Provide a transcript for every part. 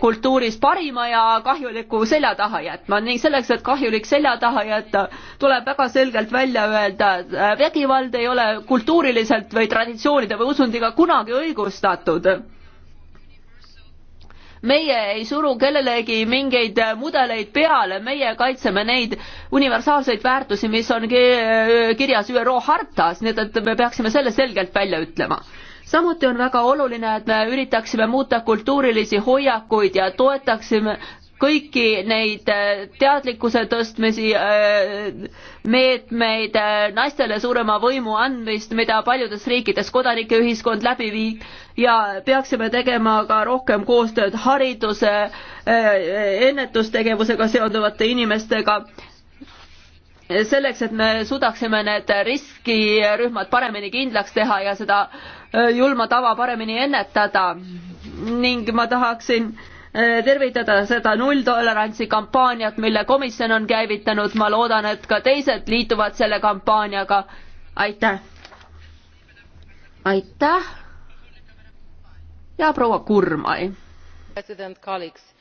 kultuuris parima ja kahjuliku selja taha jätma ning selleks, et kahjulik selja taha jätta, tuleb väga selgelt välja öelda, et vägivald ei ole kultuuriliselt või traditsioonide või usundiga kunagi õigustatud. meie ei suru kellelegi mingeid mudeleid peale, meie kaitseme neid universaalseid väärtusi, mis on kirjas ÜRO hartas, nii et, et me peaksime selle selgelt välja ütlema samuti on väga oluline, et me üritaksime muuta kultuurilisi hoiakuid ja toetaksime kõiki neid äh, teadlikkuse tõstmisi äh, meetmeid, äh, naistele suurema võimu andmist, mida paljudes riikides kodanikeühiskond läbi viib ja peaksime tegema ka rohkem koostööd hariduse, ennetustegevusega seonduvate inimestega, selleks, et me suudaksime need riskirühmad paremini kindlaks teha ja seda julma tava paremini ennetada ning ma tahaksin tervitada seda nulltolerantsi kampaaniat, mille komisjon on käivitanud, ma loodan, et ka teised liituvad selle kampaaniaga. aitäh. aitäh. ja proua Kurmai. president, kolleegid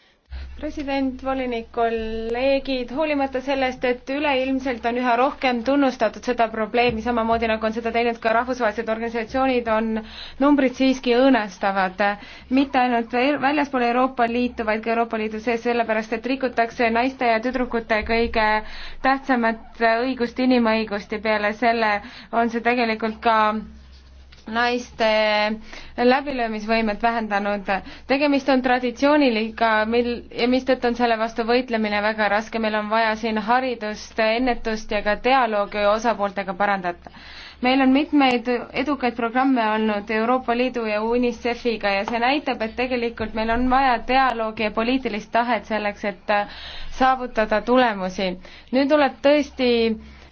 president, volinik, kolleegid, hoolimata sellest, et üleilmselt on üha rohkem tunnustatud seda probleemi, samamoodi nagu on seda teinud ka rahvusvahelised organisatsioonid, on numbrid siiski õõnestavad. mitte ainult e-, väljaspool Euroopa Liitu, vaid ka Euroopa Liidu sees, sellepärast et rikutakse naiste ja tüdrukute kõige tähtsamat õigust, inimõigust ja peale selle on see tegelikult ka naiste läbilöömisvõimet vähendanud. tegemist on traditsiooniliga, mil ja mistõttu on selle vastu võitlemine väga raske, meil on vaja siin haridust, ennetust ja ka dialoogi osapooltega parandada. meil on mitmeid edukaid programme olnud Euroopa Liidu ja UNICEF-iga ja see näitab, et tegelikult meil on vaja dialoogi ja poliitilist tahet selleks, et saavutada tulemusi. nüüd tuleb tõesti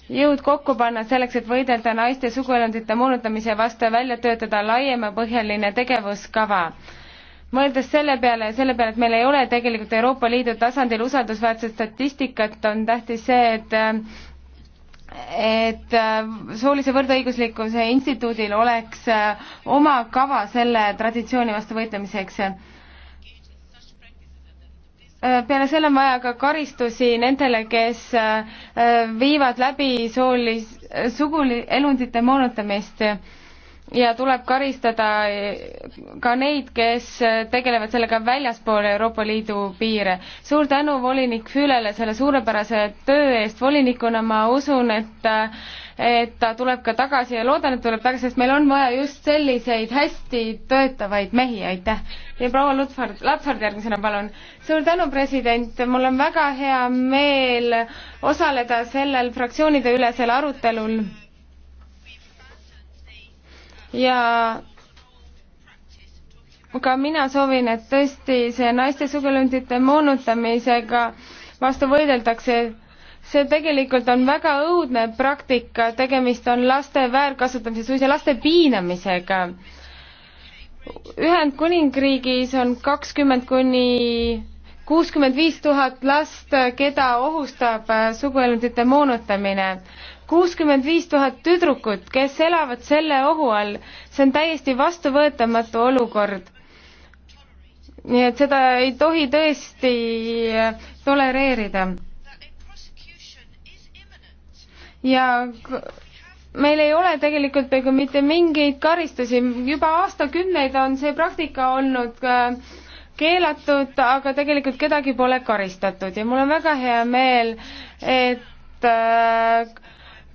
jõud kokku panna selleks, et võidelda naiste suguelundite moonutamise vastu ja välja töötada laiemapõhjaline tegevuskava. mõeldes selle peale ja selle peale, et meil ei ole tegelikult Euroopa Liidu tasandil usaldusväärset statistikat, on tähtis see, et et soolise võrdõiguslikkuse instituudil oleks oma kava selle traditsiooni vastu võitlemiseks peale selle on vaja ka karistusi nendele, kes äh, viivad läbi soolis, suguli, elundite moonutamist ja tuleb karistada ka neid, kes tegelevad sellega väljaspool Euroopa Liidu piire. suur tänu volinik Füülele selle suurepärase töö eest volinikuna, ma usun, et et ta tuleb ka tagasi ja loodan, et tuleb tagasi, sest meil on vaja just selliseid hästi töötavaid mehi, aitäh. ja proua Lutford, Lapsard järgmisena, palun. suur tänu, president, mul on väga hea meel osaleda sellel fraktsioonide ülesel arutelul ja ka mina soovin, et tõesti see naiste suguelundite moonutamisega vastu võideldakse. see tegelikult on väga õudne praktika, tegemist on laste väärkasutamise, suisa laste piinamisega. Ühendkuningriigis on kakskümmend kuni kuuskümmend viis tuhat last, keda ohustab suguelundite moonutamine kuuskümmend viis tuhat tüdrukut, kes elavad selle ohu all. see on täiesti vastuvõetamatu olukord. nii et seda ei tohi tõesti äh, tolereerida. ja meil ei ole tegelikult peaaegu mitte mingeid karistusi, juba aastakümneid on see praktika olnud äh, keelatud, aga tegelikult kedagi pole karistatud ja mul on väga hea meel, et äh,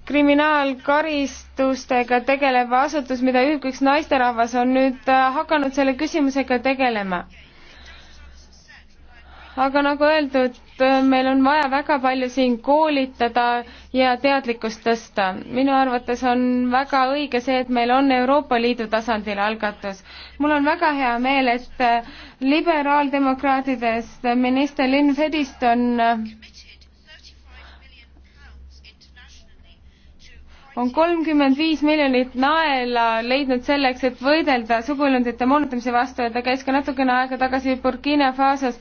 kriminaalkaristustega tegelev asutus, mida juhib üks naisterahvas, on nüüd äh, hakanud selle küsimusega tegelema. aga nagu öeldud, äh, meil on vaja väga palju siin koolitada ja teadlikkust tõsta. minu arvates on väga õige see, et meil on Euroopa Liidu tasandil algatus. mul on väga hea meel, et äh, liberaaldemokraatidest minister Lynn Fedist on on kolmkümmend viis miljonit naela leidnud selleks, et võidelda sugulundite moonutamise vastu ja ta käis ka natukene aega tagasi Burkina Fasos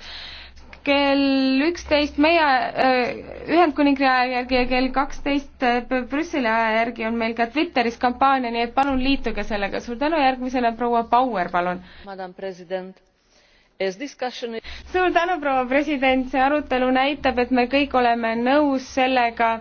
kell üksteist meie äh, Ühendkuningriigi aja järgi ja kell kaksteist äh, Brüsseli aja järgi on meil ka Twitteris kampaania, nii et palun liituge sellega. suur tänu, järgmisena proua Bauer, palun. Discussion... suur tänu, proua president, see arutelu näitab, et me kõik oleme nõus sellega,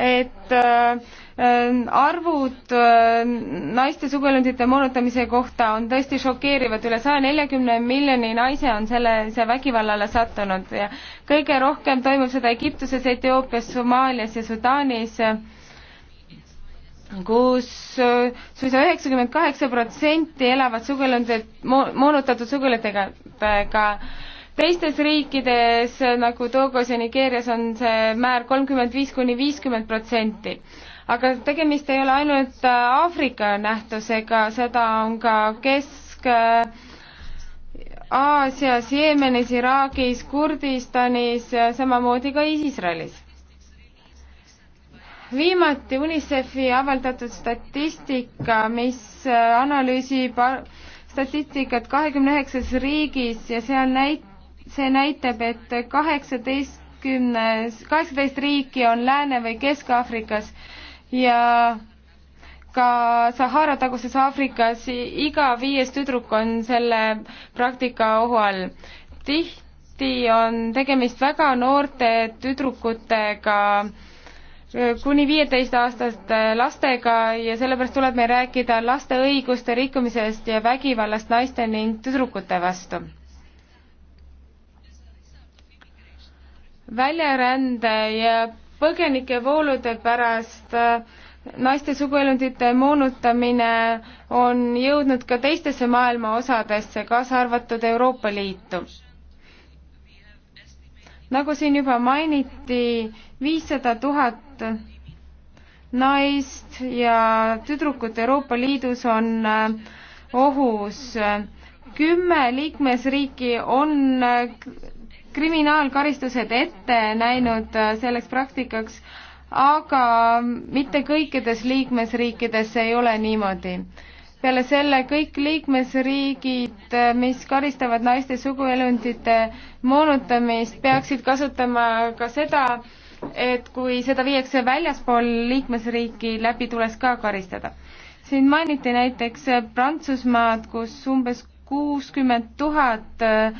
et äh, Ähm, arvud äh, naiste suguelundite moonutamise kohta on tõesti šokeerivad, üle saja neljakümne miljoni naise on sellise vägivallale sattunud ja kõige rohkem toimub seda Egiptuses, Etioopias, Somaalias ja Sudaanis, kus äh, suisa üheksakümmend kaheksa protsenti elavad suguelundid, moonutatud suguelundidega teistes riikides äh, nagu Togos ja Nigeerias on see määr kolmkümmend viis kuni viiskümmend protsenti aga tegemist ei ole ainult äh, Aafrika nähtusega, seda on ka Kesk äh, Aasias, Jeemenis, Iraagis, Kurdistanis, samamoodi ka Iisraelis. viimati UNICEF-i avaldatud statistika, mis äh, analüüsib statistikat kahekümne üheksas riigis ja seal näit-, see näitab, et kaheksateistkümnes, kaheksateist riiki on Lääne- või Kesk-Aafrikas ja ka Sahara taguses Aafrikas iga viies tüdruk on selle praktika ohu all. tihti on tegemist väga noorte tüdrukutega, kuni viieteistaastaste lastega ja sellepärast tuleb meil rääkida laste õiguste rikkumisest ja vägivallast naiste ning tüdrukute vastu väljarände ja põgenikevoolude pärast äh, naiste suguelundite moonutamine on jõudnud ka teistesse maailma osadesse, kaasa arvatud Euroopa Liitu. nagu siin juba mainiti, viissada tuhat naist ja tüdrukut Euroopa Liidus on äh, ohus. kümme liikmesriiki on äh, kriminaalkaristused ette näinud äh, selleks praktikaks, aga mitte kõikides liikmesriikides ei ole niimoodi. peale selle kõik liikmesriigid, äh, mis karistavad naiste suguelundite moonutamist, peaksid kasutama ka seda, et kui seda viiakse väljaspool liikmesriiki läbi, tuleks ka karistada. siin mainiti näiteks Prantsusmaad, kus umbes kuuskümmend tuhat äh,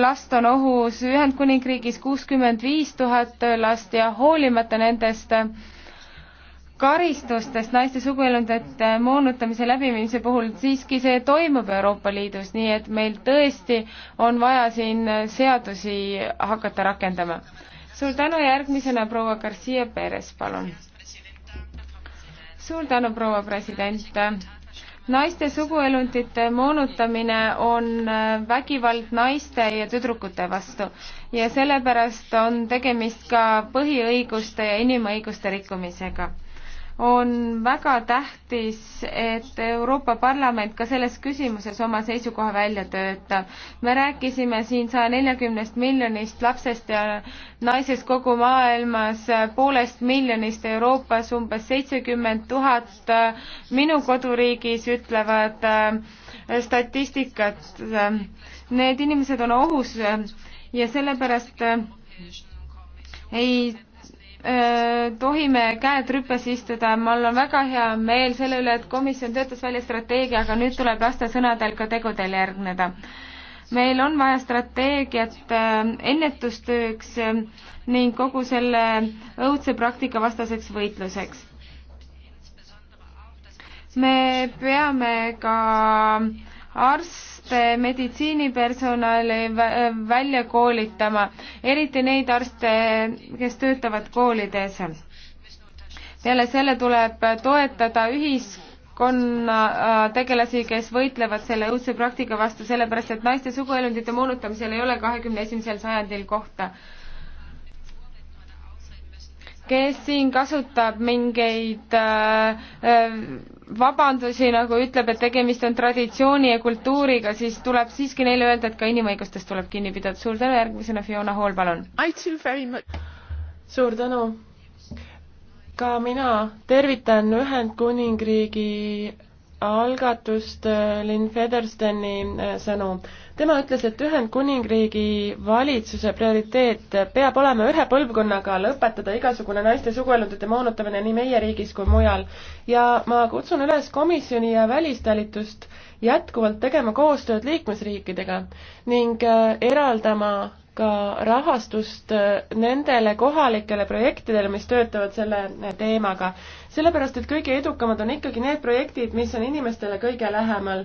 last on ohus, Ühendkuningriigis kuuskümmend viis tuhat last ja hoolimata nendest karistustest naiste suguelundite moonutamise läbiviimise puhul siiski see toimub Euroopa Liidus, nii et meil tõesti on vaja siin seadusi hakata rakendama. suur tänu, järgmisena proua Garcia Perez, palun. suur tänu, proua president naiste suguelundite moonutamine on äh, vägivald naiste ja tüdrukute vastu ja sellepärast on tegemist ka põhiõiguste ja inimõiguste rikkumisega on väga tähtis, et Euroopa Parlament ka selles küsimuses oma seisukoha välja töötab. me rääkisime siin saja neljakümnest miljonist lapsest ja naisest kogu maailmas, poolest miljonist Euroopas, umbes seitsekümmend tuhat minu koduriigis ütlevad äh, statistikat. Need inimesed on ohus ja sellepärast äh, ei Äh, tohime käed rüpes istuda, mul on väga hea meel selle üle, et komisjon töötas välja strateegia, aga nüüd tuleb lasta sõnadel ka tegudel järgneda. meil on vaja strateegiat äh, ennetustööks äh, ning kogu selle õudse praktika vastaseks võitluseks. me peame ka arst arste, eh, meditsiinipersonali eh, välja koolitama, eriti neid arste, kes töötavad koolides. peale selle tuleb toetada ühis-, eh, tegelasi, kes võitlevad selle õudse praktika vastu, sellepärast et naiste suguelundite moonutamisel ei ole kahekümne esimesel sajandil kohta kes siin kasutab mingeid äh, äh, vabandusi, nagu ütleb, et tegemist on traditsiooni ja kultuuriga, siis tuleb siiski neile öelda, et ka inimõigustest tuleb kinni pidada. suur tänu, järgmisena Fiona Hall, palun. suur tänu. ka mina tervitan Ühendkuningriigi algatust äh, Lynn Featherstoni äh, sõnu. tema ütles, et Ühendkuningriigi valitsuse prioriteet peab olema ühe põlvkonnaga lõpetada igasugune naiste suguelundite moonutamine nii meie riigis kui mujal. ja ma kutsun üles komisjoni ja välistalitust jätkuvalt tegema koostööd liikmesriikidega ning äh, eraldama ka rahastust äh, nendele kohalikele projektidele, mis töötavad selle äh, teemaga. sellepärast, et kõige edukamad on ikkagi need projektid, mis on inimestele kõige lähemal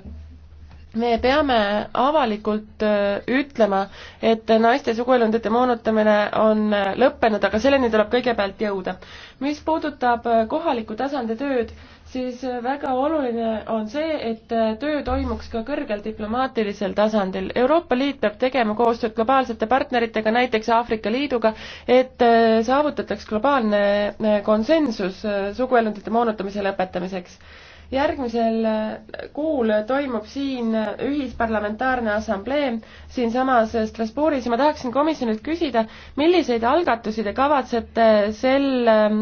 me peame avalikult äh, ütlema, et naiste suguelundite moonutamine on äh, lõppenud, aga selleni tuleb kõigepealt jõuda. mis puudutab äh, kohaliku tasandi tööd, siis väga oluline on see, et töö toimuks ka kõrgel diplomaatilisel tasandil. Euroopa Liit peab tegema koostööd globaalsete partneritega, näiteks Aafrika Liiduga, et saavutataks globaalne konsensus suguelundite moonutamise lõpetamiseks järgmisel äh, kuul toimub siin äh, ühisparlamentaarne assamblee siinsamas äh, Strasbourgis ja ma tahaksin komisjonilt küsida, milliseid algatusi te kavatsete sel ähm,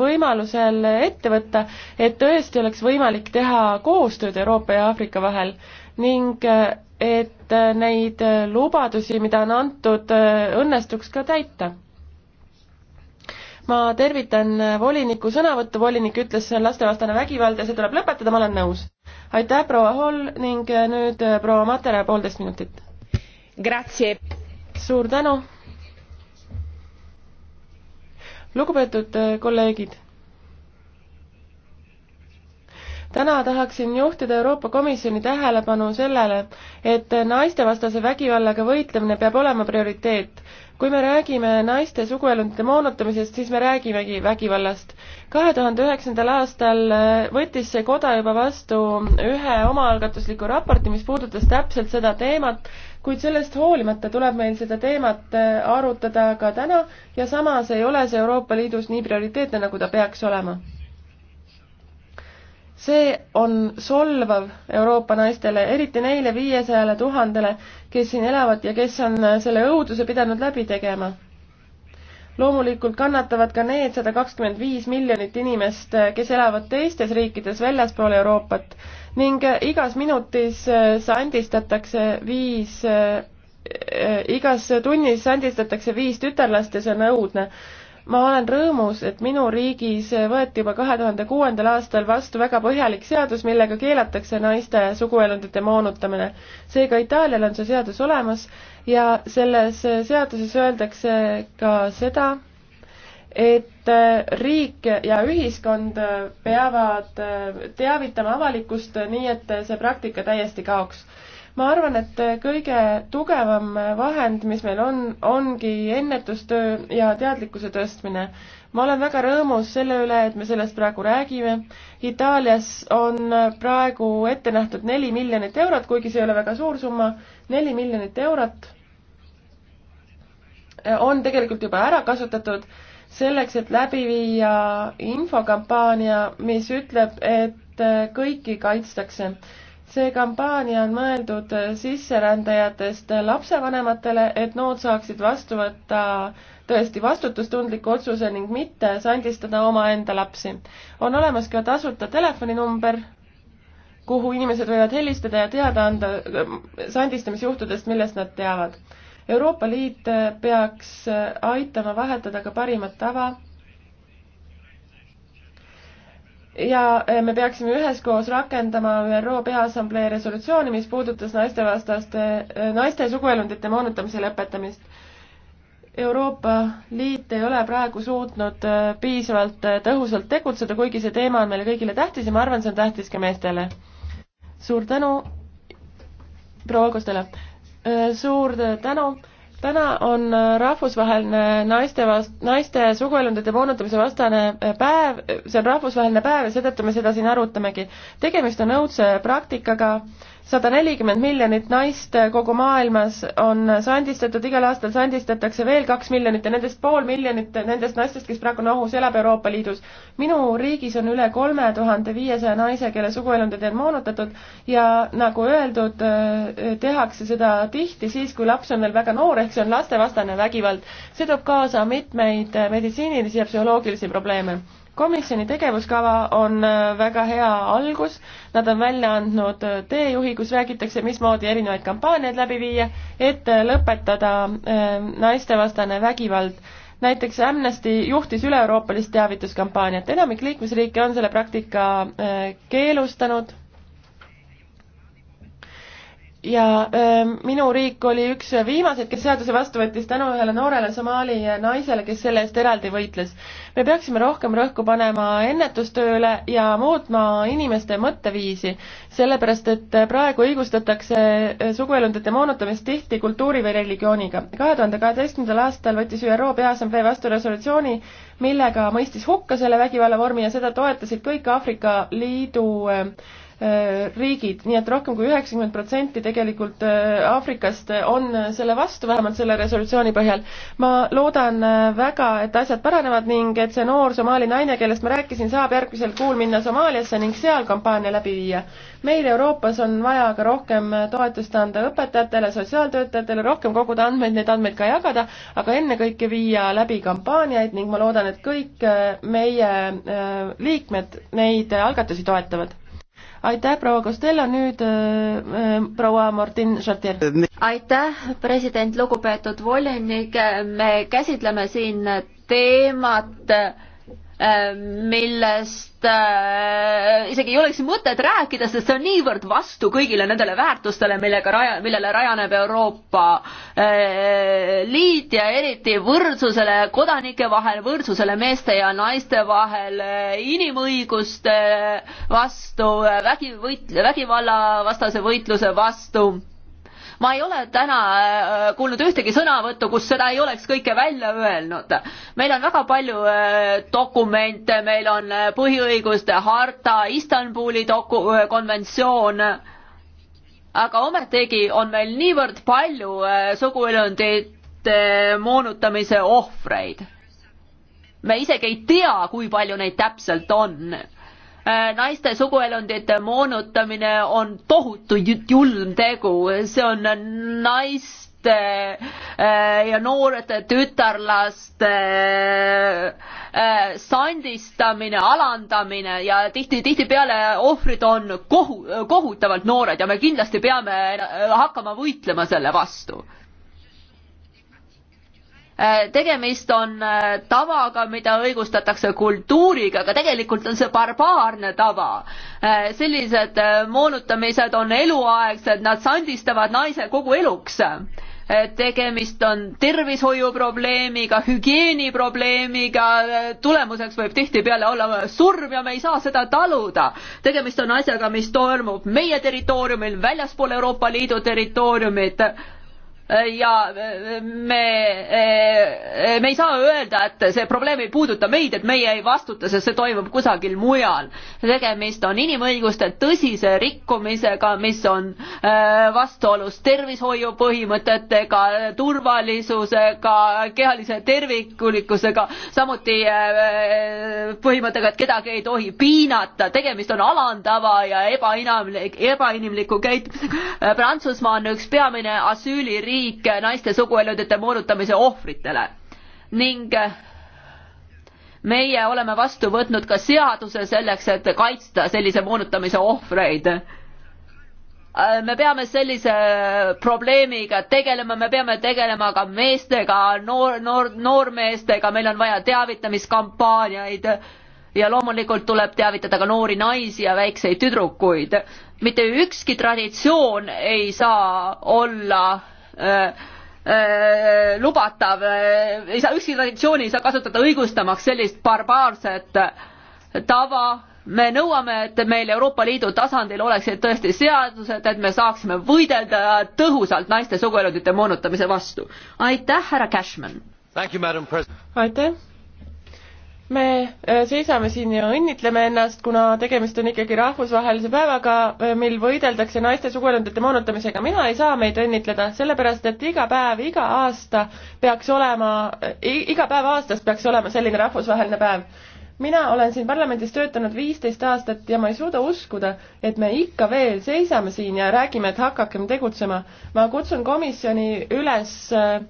võimalusel ette võtta, et tõesti oleks võimalik teha koostööd Euroopa ja Aafrika vahel ning et neid lubadusi, mida on antud, õnnestuks ka täita ma tervitan voliniku sõnavõttu, volinik ütles, see on lastevastane vägivald ja see tuleb lõpetada, ma olen nõus. aitäh, proua Hall ning nüüd eh, proua Matera, poolteist minutit. suur tänu. lugupeetud eh, kolleegid täna tahaksin juhtida Euroopa Komisjoni tähelepanu sellele, et naistevastase vägivallaga võitlemine peab olema prioriteet. kui me räägime naiste suguelundite moonutamisest, siis me räägimegi vägivallast. kahe tuhande üheksandal aastal võttis see koda juba vastu ühe omaalgatusliku raporti, mis puudutas täpselt seda teemat, kuid sellest hoolimata tuleb meil seda teemat arutada ka täna ja samas ei ole see Euroopa Liidus nii prioriteetne, nagu ta peaks olema see on solvav Euroopa naistele, eriti neile viiesajale tuhandele, kes siin elavad ja kes on selle õuduse pidanud läbi tegema. loomulikult kannatavad ka need sada kakskümmend viis miljonit inimest, kes elavad teistes riikides väljaspool Euroopat ning igas minutis eh, sandistatakse viis eh, eh, igas tunnis sandistatakse viis tütarlast ja see on õudne ma olen rõõmus, et minu riigis võeti juba kahe tuhande kuuendal aastal vastu väga põhjalik seadus, millega keelatakse naiste suguelundite moonutamine. seega Itaalial on see seadus olemas ja selles seaduses öeldakse ka seda, et riik ja ühiskond peavad teavitama avalikkust nii, et see praktika täiesti kaoks ma arvan, et kõige tugevam vahend, mis meil on, ongi ennetustöö ja teadlikkuse tõstmine. ma olen väga rõõmus selle üle, et me sellest praegu räägime. Itaalias on praegu ette nähtud neli miljonit eurot, kuigi see ei ole väga suur summa, neli miljonit eurot on tegelikult juba ära kasutatud selleks, et läbi viia infokampaania, mis ütleb, et kõiki kaitstakse see kampaania on mõeldud sisserändajatest lapsevanematele, et nood saaksid vastu võtta tõesti vastutustundliku otsuse ning mitte sandistada omaenda lapsi. on olemas ka tasuta telefoninumber, kuhu inimesed võivad helistada ja teada anda ähm, sandistamisjuhtudest, millest nad teavad. Euroopa Liit peaks aitama vahetada ka parimat tava ja eh, me peaksime üheskoos rakendama ÜRO Peaassamblee resolutsiooni, mis puudutas naistevastaste, eh, naiste suguelundite moonutamise lõpetamist. Euroopa Liit ei ole praegu suutnud eh, piisavalt tõhusalt tegutseda, kuigi see teema on meile kõigile tähtis ja ma arvan, see on tähtis ka meestele. suur tänu, proua Kostele, suur tänu täna on äh, rahvusvaheline naiste vast-, naiste suguelundite moonutamise vastane äh, päev, see on rahvusvaheline päev ja seetõttu me seda siin arutamegi. tegemist on õudse praktikaga, sada nelikümmend miljonit naist kogu maailmas on sandistatud, igal aastal sandistatakse veel kaks miljonit ja nendest pool miljonit nendest naistest, kes praegu on ohus, elab Euroopa Liidus. minu riigis on üle kolme tuhande viiesaja naise, kelle suguelundid on moonutatud ja nagu öeldud, eh, tehakse seda tihti siis, kui laps on veel väga noor, ehk see on lastevastane vägivald. see toob kaasa mitmeid meditsiinilisi ja psühholoogilisi probleeme komisjoni tegevuskava on äh, väga hea algus, nad on välja andnud äh, teejuhi, kus räägitakse, mismoodi erinevaid kampaaniaid läbi viia, et äh, lõpetada naistevastane vägivald. näiteks Amnesty juhtis üle-euroopalist teavituskampaaniat, enamik liikmesriike on selle praktika keelustanud ja öö, minu riik oli üks viimaseid, kes seaduse vastu võttis tänu ühele noorele Somaali naisele, kes selle eest eraldi võitles. me peaksime rohkem rõhku panema ennetustööle ja muutma inimeste mõtteviisi, sellepärast et praegu õigustatakse suguelundite moonutamist tihti kultuuri või religiooniga. kahe tuhande kaheteistkümnendal aastal võttis ÜRO Peaassamblee vastu resolutsiooni, millega mõistis hukka selle vägivalla vormi ja seda toetasid kõik Aafrika Liidu öö, Äh, riigid, nii et rohkem kui üheksakümmend protsenti tegelikult äh, Aafrikast äh, on selle vastu, vähemalt selle resolutsiooni põhjal. ma loodan väga, et asjad paranevad ning et see noor Somaali naine, kellest ma rääkisin, saab järgmisel kuul minna Somaaliasse ning seal kampaania läbi viia. meil Euroopas on vaja ka rohkem toetust anda õpetajatele, sotsiaaltöötajatele, rohkem koguda andmeid, neid andmeid ka jagada, aga ennekõike viia läbi kampaaniaid ning ma loodan, et kõik meie liikmed neid algatusi toetavad aitäh, proua Costello, nüüd äh, äh, proua Martin Chartier. aitäh, president, lugupeetud volinik, me käsitleme siin teemat äh, Äh, millest äh, isegi ei oleks mõtet rääkida, sest see on niivõrd vastu kõigile nendele väärtustele, millega raja, millele rajaneb Euroopa äh, Liit ja eriti võrdsusele kodanike vahel, võrdsusele meeste ja naiste vahel, inimõiguste vastu, vägi, võit-, vägivallavastase võitluse vastu ma ei ole täna äh, kuulnud ühtegi sõnavõttu, kus seda ei oleks kõike välja öelnud. meil on väga palju äh, dokumente, meil on äh, põhiõiguste harta, Istanbuli doku-, konventsioon aga ometigi on meil niivõrd palju suguelundite moonutamise ohvreid. me isegi ei tea, kui palju neid täpselt on Äh, naiste suguelundite moonutamine on tohutu julm tegu, see on naiste äh, ja noorte tütarlaste äh, sandistamine, alandamine ja tihti, tihtipeale ohvrid on kohu, kohutavalt noored ja me kindlasti peame hakkama võitlema selle vastu Äh, tegemist on äh, tavaga, mida õigustatakse kultuuriga, aga tegelikult on see barbaarne tava. Äh, sellised moonutamised on eluaegsed, nad sandistavad naise kogu eluks tegemist on tervishoiuprobleemiga, hügieeniprobleemiga, tulemuseks võib tihtipeale olla surm ja me ei saa seda taluda. tegemist on asjaga, mis toimub meie territooriumil, väljaspool Euroopa Liidu territooriumit ja äh, me, äh, me ei saa öelda, et see probleem ei puuduta meid, et meie ei vastuta, sest see toimub kusagil mujal. tegemist on inimõiguste tõsise rikkumisega, mis on äh, vastuolus tervishoiu põhimõtetega, turvalisusega, kehalise tervikulikkusega, samuti põhimõttega, et kedagi ei tohi piinata, tegemist on alandava ja ebainimlik, ebainimliku käitumisega. Prantsusmaa on üks peamine asüüliriik, viik naiste suguelundite moonutamise ohvritele ning eh, meie oleme vastu võtnud ka seaduse selleks, et kaitsta sellise moonutamise ohvreid. Eh, me peame sellise probleemiga tegelema, me peame tegelema ka meestega, noor, noor, noormeestega, meil on vaja teavitamiskampaaniaid ja loomulikult tuleb teavitada ka noori naisi ja väikseid tüdrukuid. mitte ükski traditsioon ei saa olla Äh, äh, lubatav, äh, ei saa, ükski traditsioon ei saa kasutada õigustamaks sellist barbaarset tava, me nõuame, et meil Euroopa Liidu tasandil oleksid tõesti seadused, et me saaksime võidelda tõhusalt naiste suguelundite moonutamise vastu. aitäh, härra Cashman! aitäh! me äh, seisame siin ja õnnitleme ennast, kuna tegemist on ikkagi rahvusvahelise päevaga, äh, mil võideldakse naiste suguelundite moonutamisega. mina ei saa meid õnnitleda, sellepärast et iga päev, iga aasta peaks olema, äh, iga päev aastas peaks olema selline rahvusvaheline päev. mina olen siin parlamendis töötanud viisteist aastat ja ma ei suuda uskuda, et me ikka veel seisame siin ja räägime, et hakakem tegutsema. ma kutsun komisjoni üles äh,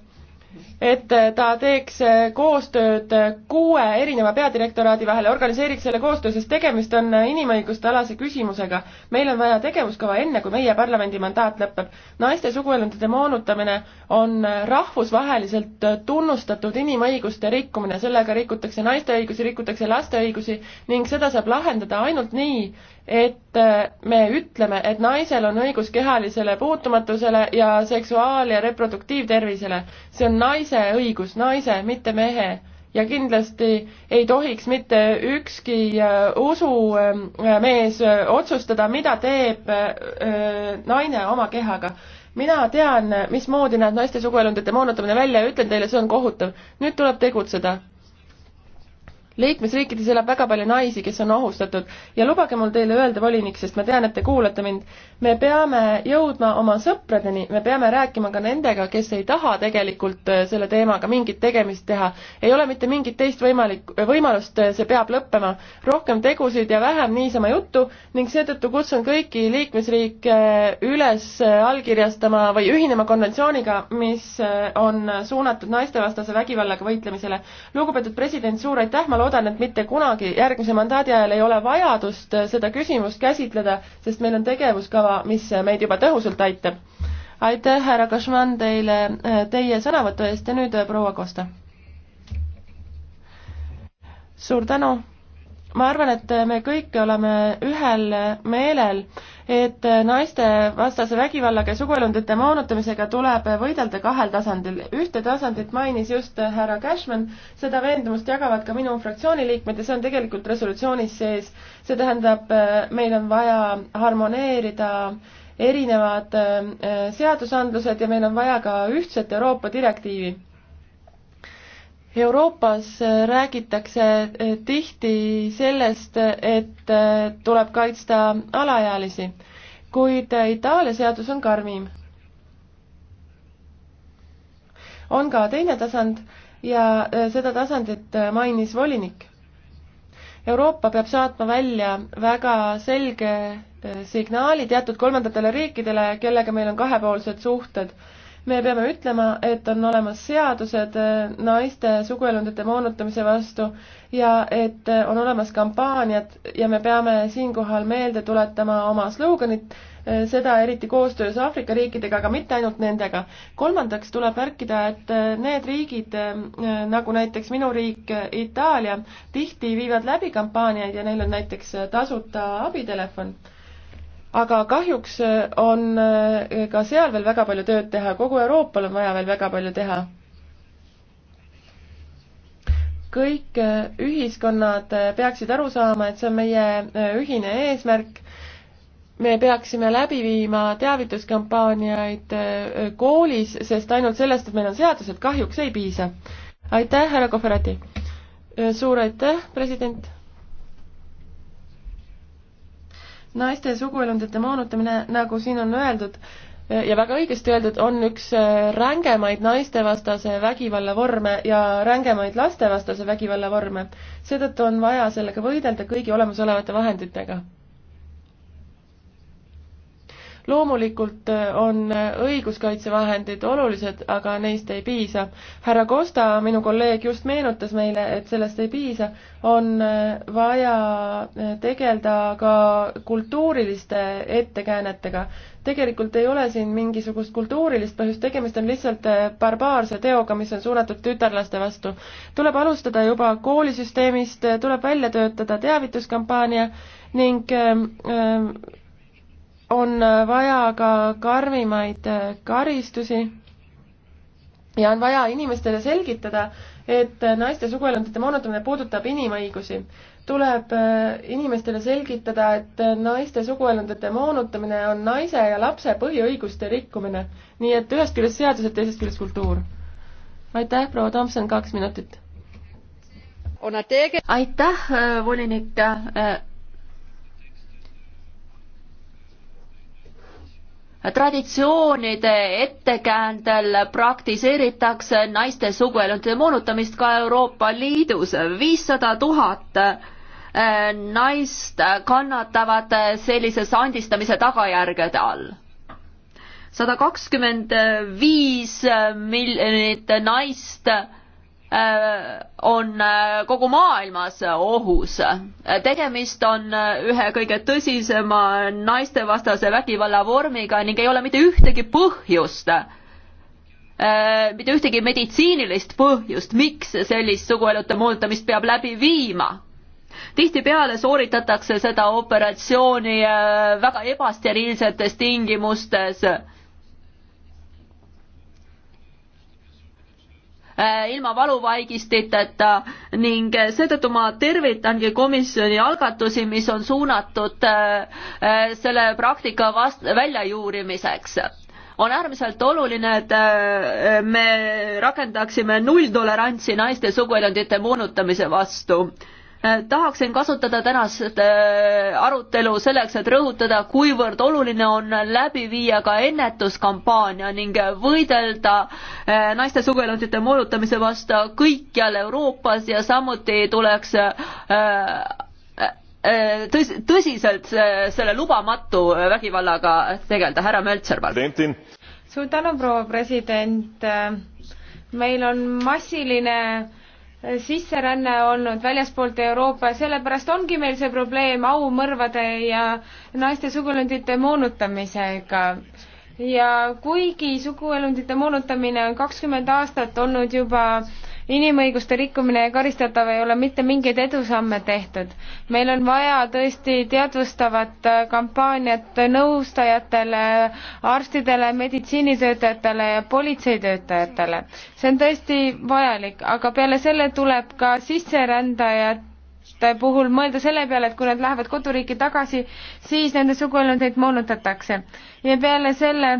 et ta teeks koostööd kuue erineva peadirektoraadi vahel ja organiseeriks selle koostöö, sest tegemist on inimõiguste alase küsimusega. meil on vaja tegevuskava enne, kui meie parlamendi mandaat lõpeb. naiste suguelundite moonutamine on rahvusvaheliselt tunnustatud inimõiguste rikkumine, sellega rikutakse naiste õigusi, rikutakse laste õigusi ning seda saab lahendada ainult nii, et äh, me ütleme, et naisel on õigus kehalisele puutumatusele ja seksuaal- ja reproduktiivtervisele. see on naise õigus, naise, mitte mehe. ja kindlasti ei tohiks mitte ükski äh, usumees äh, otsustada, mida teeb naine oma kehaga mina tean, mismoodi näeb naiste suguelundite moonutamine välja ja ütlen teile, see on kohutav. nüüd tuleb tegutseda liikmesriikides elab väga palju naisi, kes on ohustatud ja lubage mul teile öelda, volinik, sest ma tean, et te kuulate mind, me peame jõudma oma sõpradeni, me peame rääkima ka nendega, kes ei taha tegelikult äh, selle teemaga mingit tegemist teha. ei ole mitte mingit teist võimalik, äh, võimalust, äh, see peab lõppema. rohkem tegusid ja vähem niisama juttu ning seetõttu kutsun kõiki liikmesriike üles allkirjastama või ühinema konventsiooniga, mis on suunatud naistevastase vägivallaga võitlemisele. lugupeetud president, suur aitäh, ma loodan, loodan, et mitte kunagi järgmise mandaadi ajal ei ole vajadust äh, seda küsimust käsitleda, sest meil on tegevuskava, mis äh, meid juba tõhusalt aitab. aitäh, härra Kašman, teile äh, teie sõnavõtu eest ja nüüd proua Kosta. suur tänu ma arvan, et me kõik oleme ühel meelel, et naistevastase vägivallaga ja suguelundite moonutamisega tuleb võidelda kahel tasandil. ühte tasandit mainis just härra Cashman, seda veendumust jagavad ka minu fraktsiooni liikmed ja see on tegelikult resolutsioonis sees. see tähendab, meil on vaja harmoneerida erinevad eh, seadusandlused ja meil on vaja ka ühtset Euroopa direktiivi Euroopas äh, räägitakse äh, tihti sellest, et äh, tuleb kaitsta alaealisi, kuid Itaalia seadus on karmim. on ka teine tasand ja seda tasandit mainis volinik. Euroopa peab saatma välja väga selge signaali teatud kolmandatele riikidele, kellega meil on kahepoolsed suhted me peame ütlema, et on olemas seadused äh, naiste suguelundite moonutamise vastu ja et äh, on olemas kampaaniad ja me peame siinkohal meelde tuletama oma sloganit, äh, seda eriti koostöös Aafrika riikidega, aga mitte ainult nendega. kolmandaks tuleb märkida, et need riigid, nagu näiteks minu riik Itaalia, tihti viivad läbi kampaaniaid ja neil on näiteks tasuta abitelefon aga kahjuks äh, on äh, ka seal veel väga palju tööd teha, kogu Euroopal on vaja veel väga palju teha. kõik äh, ühiskonnad peaksid aru saama, et see on meie ühine eesmärk, me peaksime läbi viima teavituskampaaniaid koolis, sest ainult sellest, et meil on seadused, kahjuks ei piisa. aitäh, härra Kohverati! suur aitäh, president! naiste suguelundite moonutamine, nagu siin on öeldud, ja väga õigesti öeldud, on üks äh, rängemaid naistevastase vägivalla vorme ja rängemaid lastevastase vägivalla vorme. seetõttu on vaja sellega võidelda kõigi olemasolevate vahenditega loomulikult äh, on äh, õiguskaitsevahendid olulised, aga neist ei piisa. härra Kosta, minu kolleeg, just meenutas meile, et sellest ei piisa, on äh, vaja tegeleda ka kultuuriliste ettekäänetega. tegelikult ei ole siin mingisugust kultuurilist põhjust, tegemist on lihtsalt barbaarse teoga, mis on suunatud tütarlaste vastu. tuleb alustada juba koolisüsteemist, tuleb välja töötada teavituskampaania ning ähm, ähm, on vaja ka karmimaid karistusi ja on vaja inimestele selgitada, et naiste suguelundite moonutamine puudutab inimõigusi. tuleb äh, inimestele selgitada, et naiste suguelundite moonutamine on naise ja lapse põhiõiguste rikkumine. nii et ühest küljest seadused, teisest küljest kultuur. aitäh, proua Tomson, kaks minutit. aitäh, äh, volinik äh, traditsioonide ettekäändel praktiseeritakse naiste suguelundite moonutamist ka Euroopa Liidus. viissada tuhat eh, naist kannatavad sellise sandistamise tagajärgede all. sada kakskümmend viis miljonit naist on äh, kogu maailmas ohus. tegemist on äh, ühe kõige tõsisema naistevastase vägivalla vormiga ning ei ole mitte ühtegi põhjust, äh, mitte ühtegi meditsiinilist põhjust, miks sellist suguelute moonutamist peab läbi viima tihtipeale sooritatakse seda operatsiooni väga ebasteriilsetes tingimustes Äh, ilma valuvaigistiteta ning seetõttu ma tervitangi komisjoni algatusi, mis on suunatud äh, äh, selle praktika vast-, väljajuurimiseks on äärmiselt oluline, et me rakendaksime nulltolerantsi naiste suguelundite moonutamise vastu Äh, tahaksin kasutada tänast äh, arutelu selleks, et rõhutada, kuivõrd oluline on läbi viia ka ennetuskampaania ning võidelda äh, naiste sugelundite moodutamise vastu kõikjal Euroopas ja samuti tuleks tõs-, tõsiselt selle lubamatu vägivallaga tegeleda. härra Möltser, palun. suur tänu, proua president. meil on massiline sisseränne olnud väljaspoolt Euroopa ja sellepärast ongi meil see probleem aumõrvade ja naiste suguelundite moonutamisega. ja kuigi suguelundite moonutamine on kakskümmend aastat olnud juba äh, inimõiguste rikkumine ja karistatav ei ole mitte mingeid edusamme tehtud. meil on vaja tõesti teadvustavat äh, kampaaniat nõustajatele, arstidele, meditsiinitöötajatele ja politseitöötajatele. see on tõesti vajalik, aga peale selle tuleb ka sisserändajad laste puhul mõelda selle peale, et kui nad lähevad koduriiki tagasi, siis nende suguelundeid moonutatakse. ja peale selle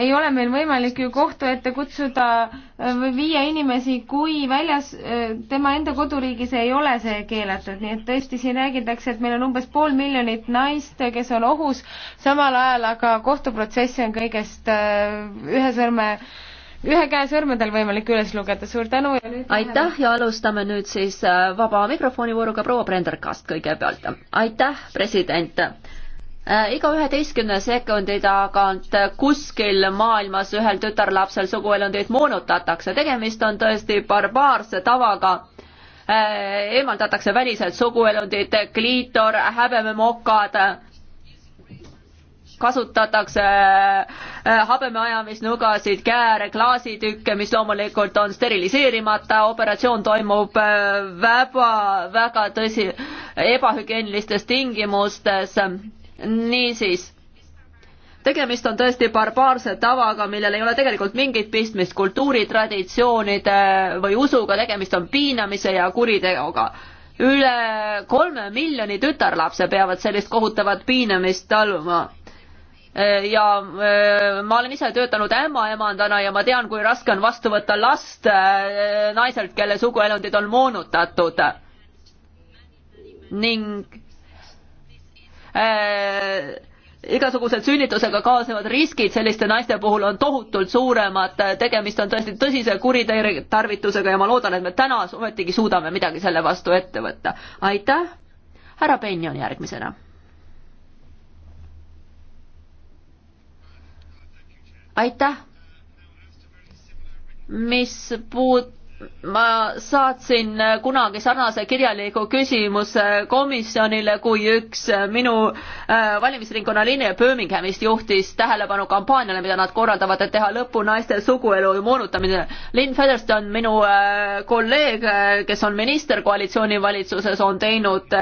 ei ole meil võimalik ju kohtu ette kutsuda äh, või viia inimesi, kui väljas, äh, tema enda koduriigis ei ole see keelatud, nii et tõesti siin räägitakse, et meil on umbes pool miljonit naist, kes on ohus, samal ajal aga kohtuprotsessi on kõigest äh, ühe sõrme ühe käe sõrmedel võimalik üles lugeda, suur tänu ja nüüd aitäh ja alustame nüüd siis vaba mikrofoni vooruga proua Brenderkast kõigepealt. aitäh, president! Äh, iga üheteistkümne sekundi tagant äh, kuskil maailmas ühel tütarlapsel suguelundeid moonutatakse, tegemist on tõesti barbaarse tavaga. Äh, eemaldatakse välised suguelundid, kliitor, häbememokad, kasutatakse habemeajamisnugasid, kääre, klaasitükke, mis loomulikult on steriliseerimata, operatsioon toimub väga, väga tõsi, ebahügieenilistes tingimustes niisiis, tegemist on tõesti barbaarse tavaga, millel ei ole tegelikult mingit pistmist kultuuritraditsioonide või usuga, tegemist on piinamise ja kuriteoga üle kolme miljoni tütarlapse peavad sellist kohutavat piinamist taluma. Eh, ja eh, ma olen ise töötanud ämmaemandana ja ma tean, kui raske on vastu võtta last eh, naiselt, kelle suguelundid on moonutatud. ning Äh, igasugused sünnitusega kaasnevad riskid selliste naiste puhul on tohutult suuremad, tegemist on tõesti tõsise kuritarvitusega ja ma loodan, et me täna ometigi suudame midagi selle vastu ette võtta. aitäh, härra Penjon järgmisena. aitäh, mis puud-, ma saatsin kunagi sarnase kirjaliku küsimuse komisjonile, kui üks minu äh, valimisringkonna linna Birminghamist juhtis tähelepanu kampaaniale, mida nad korraldavad, et teha lõpu naiste suguelu moonutamine. Lynn Featherstone, minu äh, kolleeg, äh, kes on minister koalitsioonivalitsuses, on teinud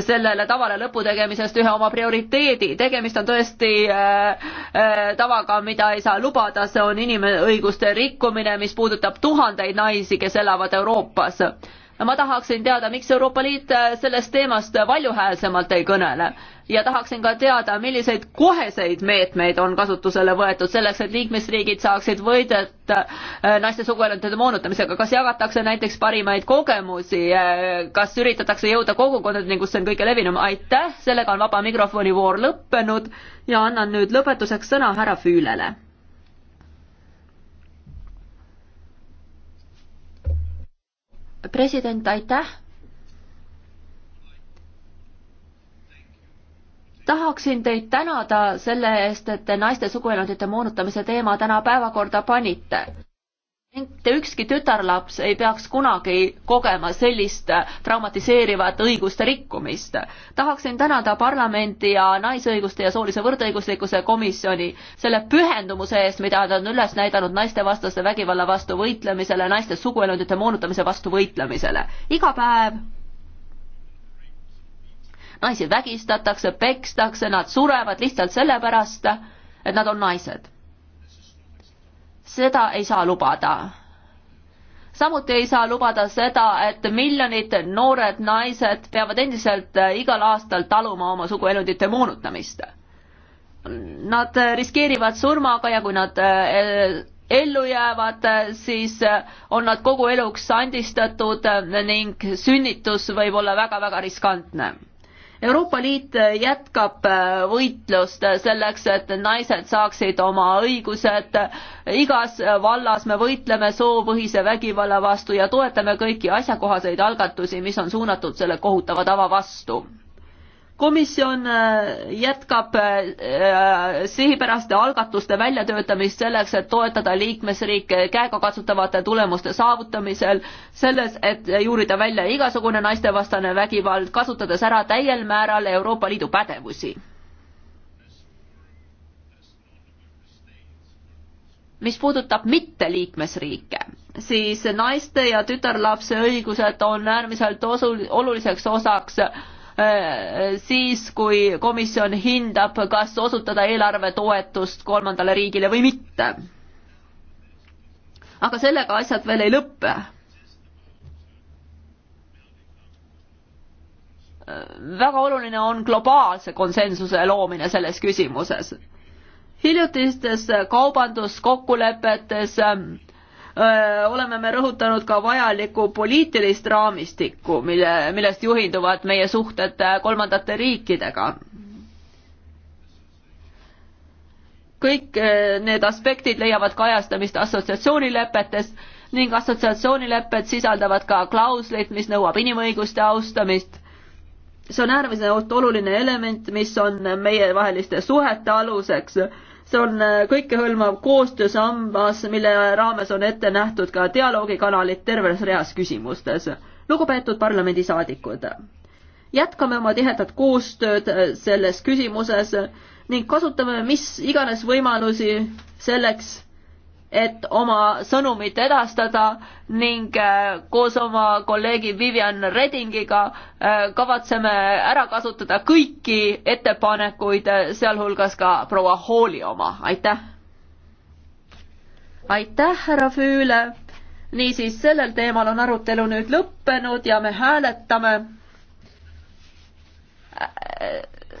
sellele tavale lõpu tegemisest ühe oma prioriteedi. tegemist on tõesti tavaga, mida ei saa lubada, see on inimõiguste rikkumine, mis puudutab tuhandeid tuhandeid naisi, kes elavad Euroopas. ma tahaksin teada, miks Euroopa Liit äh, sellest teemast valjuhäälsemalt ei kõnele ja tahaksin ka teada, milliseid koheseid meetmeid on kasutusele võetud selleks, et liikmesriigid saaksid võidelda äh, naiste suguelundite moonutamisega, kas jagatakse näiteks parimaid kogemusi, äh, kas üritatakse jõuda kogukondadeni, kus see on kõige levinum, aitäh, sellega on vaba mikrofoni voor lõppenud ja annan nüüd lõpetuseks sõna härra Füülele president, aitäh. tahaksin teid tänada selle eest, et te naiste suguelundite moonutamise teema täna päevakorda panite mitte ükski tütarlaps ei peaks kunagi kogema sellist traumatiseerivat õiguste rikkumist. tahaksin tänada parlamendi ja Naisõiguste ja Soolise Võrdõiguslikkuse Komisjoni selle pühendumuse eest, mida nad on üles näidanud naistevastase vägivalla vastu võitlemisele, naiste suguelundite moonutamise vastu võitlemisele. iga päev naisi vägistatakse, pekstakse, nad surevad lihtsalt sellepärast, et nad on naised seda ei saa lubada. samuti ei saa lubada seda, et miljonid noored naised peavad endiselt äh, igal aastal taluma oma suguelundite moonutamist. Nad äh, riskeerivad surmaga ja kui nad äh, ellu jäävad, siis on nad kogu eluks sandistatud ning sünnitus võib olla väga-väga riskantne Euroopa Liit jätkab äh, võitlust selleks, et naised saaksid oma õigused. igas vallas me võitleme soopõhise vägivalla vastu ja toetame kõiki asjakohaseid algatusi, mis on suunatud selle kohutava tava vastu komisjon äh, jätkab äh, sihipäraste algatuste väljatöötamist selleks, et toetada liikmesriike käegakatsutavate tulemuste saavutamisel, selles, et juurida välja igasugune naistevastane vägivald, kasutades ära täiel määral Euroopa Liidu pädevusi. mis puudutab mitteliikmesriike, siis naiste ja tütarlapse õigused on äärmiselt osu-, oluliseks osaks Äh, siis, kui komisjon hindab, kas osutada eelarvetoetust kolmandale riigile või mitte. aga sellega asjad veel ei lõppe. Äh, väga oluline on globaalse konsensuse loomine selles küsimuses. hiljutistes kaubanduskokkulepetes ähm, oleme me rõhutanud ka vajalikku poliitilist raamistikku, mille, millest juhinduvad meie suhted äh, kolmandate riikidega. kõik äh, need aspektid leiavad kajastamist assotsiatsioonilepetes ning assotsiatsioonilepped sisaldavad ka klauslit, mis nõuab inimõiguste austamist. see on äärmiselt oluline element, mis on meievaheliste suhete aluseks see on äh, kõikehõlmav koostöösambas, mille raames on ette nähtud ka dialoogikanalid terves reas küsimustes. lugupeetud parlamendisaadikud, jätkame oma tihedat koostööd äh, selles küsimuses ning kasutame mis iganes võimalusi selleks, et oma sõnumit edastada ning äh, koos oma kolleegi Vivian Redingiga äh, kavatseme ära kasutada kõiki ettepanekuid, äh, sealhulgas ka proua Hooli oma, aitäh! aitäh, härra Füüle! niisiis, sellel teemal on arutelu nüüd lõppenud ja me hääletame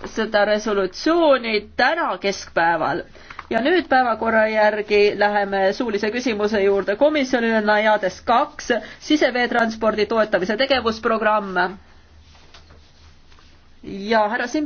seda resolutsiooni täna keskpäeval ja nüüd päevakorra järgi läheme suulise küsimuse juurde komisjonile Najades kaks, siseveetranspordi toetamise tegevusprogramm. ja härra Simson.